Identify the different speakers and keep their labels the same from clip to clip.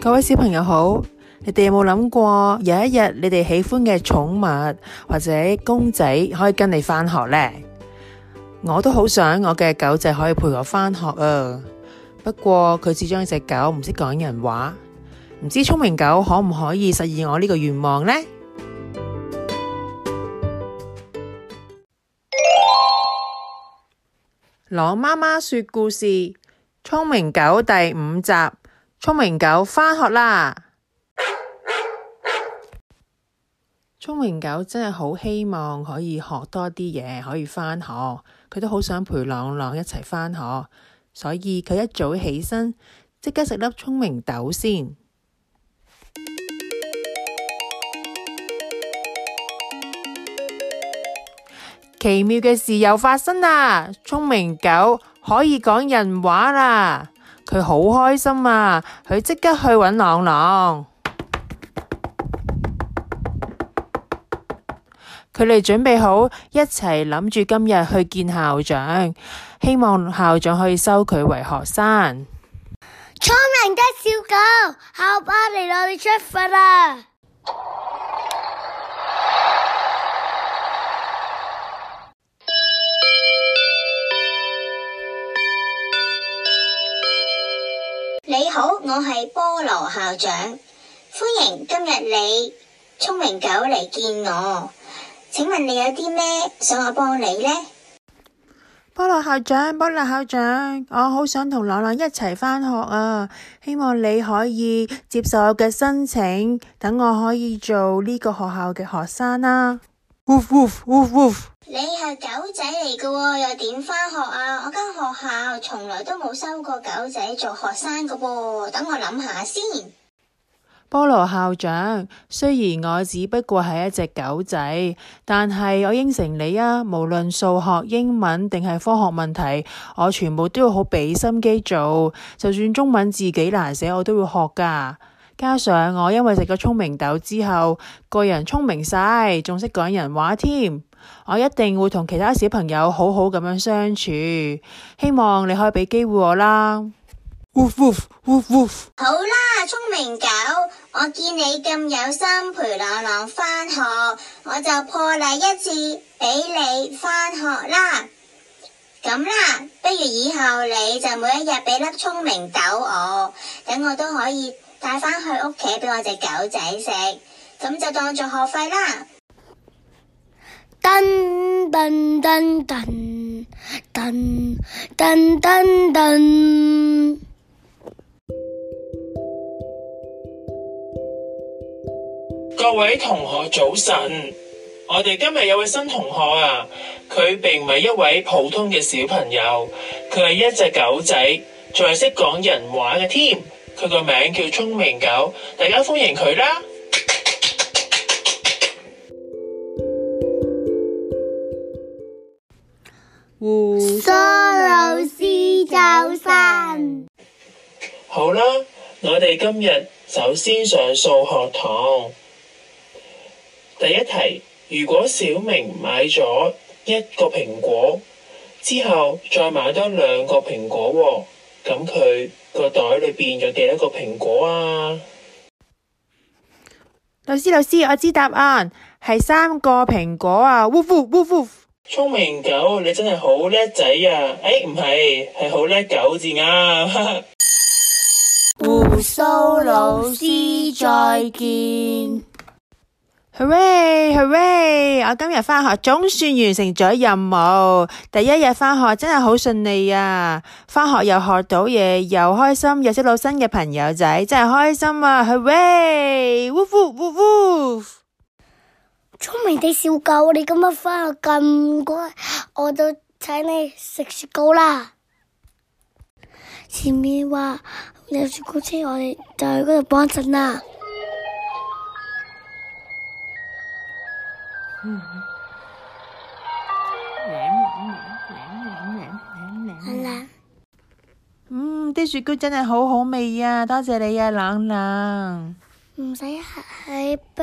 Speaker 1: 各位小朋友好，你哋有冇諗過有一日，你哋喜歡嘅寵物或者公仔可以跟你返學呢？我都好想我嘅狗仔可以陪我返學啊，不過佢始終一隻狗唔識講人話，唔知聰明狗可唔可以實現我呢個願望呢？朗媽媽說故事《聰明狗》第五集。聰明狗返學啦！聰明狗真係好希望可以學多啲嘢，可以返學。佢都好想陪朗朗一齊返學，所以佢一早起身，即刻食粒聰明豆先。奇妙嘅事又發生啦！聰明狗可以講人話啦！佢好開心啊！佢即刻去搵朗朗，佢哋準備好一齊諗住今日去見校長，希望校長可以收佢為學生。
Speaker 2: 聰明嘅小狗，校巴嚟啦！你出發啦、啊！好，我係菠蘿校長，歡迎今日你聰明狗嚟見我。請問你有啲咩
Speaker 1: 想我幫你呢？菠蘿校長，菠蘿校長，我好想同朗朗一齊返學啊！希望你可以接受我嘅申請，等我可以做呢個學校嘅學生啊。Wolf，呃呃呃呃，你係狗仔嚟㗎哦，又點返學啊？我
Speaker 2: 校從來
Speaker 1: 都冇收過狗仔做學生噶噃，等我諗下先。菠蘿校長，雖然我只不過係一隻狗仔，但係我應承你啊，無論數學、英文定係科學問題，我全部都要好俾心機做。就算中文字幾難寫，我都會學噶。加上我因為食過聰明豆之後，個人聰明晒，仲識講人話添。我一定會同其他小朋友好好咁樣相處，希望你可以俾機會我啦。呃呃呃呃、
Speaker 2: 好啦，聰明狗，我見你咁有心陪朗朗返學，我就破例一次俾你返學啦。咁啦，不如以後你就每一日俾粒聰明豆我，等我都可以帶返去屋企俾我隻狗仔食，咁就當做學費啦。噔噔噔噔噔噔
Speaker 1: 噔！各位同學，早晨。我哋今日有位新同學啊，佢並唔係一位普通嘅小朋友，佢係一隻狗仔，仲係識講人話嘅添，佢個名叫聰明狗，大家歡迎佢啦！胡說老師，早晨。好啦，我哋今日首先上數學堂。第一題，如果小明買咗一個蘋果之後，再買多兩個蘋果喎，咁佢個袋裏邊有幾多個蘋果啊？老師，老師，我知答案係三個蘋果啊！嗚呼嗚呼。聰明狗，你真係好叻仔啊！誒、哎，唔係，係好叻狗至啱。 胡蘇老師再見。Hooray Hooray！我今日返學總算完成咗任務，第一日返學真係好順利啊！返學又學到嘢，又開心，又識到新嘅朋友仔，真係開心啊！Hooray！Woo Woo，Woo Woo。聰明的小狗，你
Speaker 2: 今日返學咁乖，我就請你食雪糕啦。前面話你有雪糕車，我哋就去嗰度幫襯啦。
Speaker 1: 冷冷，嗯，啲雪糕真係好好味呀，啊！多謝你呀，啊，冷冷。唔使客氣不。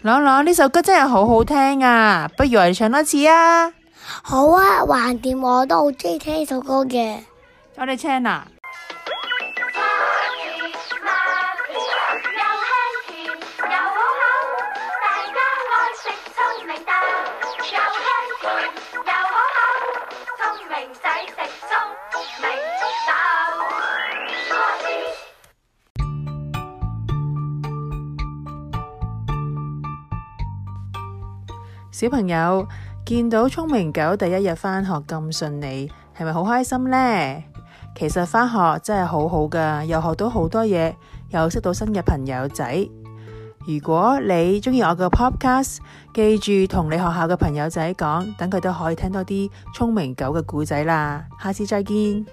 Speaker 1: 朗朗呢首歌真係好好聽啊，不如我唱多次啊。好啊，橫掂我都好鍾意聽呢首歌嘅，我哋唱啊。小朋友見到聰明狗第一日返學咁順利，係咪好開心呢？其實返學真係好好噶，又學到好多嘢，又識到新嘅朋友仔。如果你中意我嘅 podcast，記住同你學校嘅朋友仔講，等佢都可以聽多啲聰明狗嘅故仔啦。下次再見。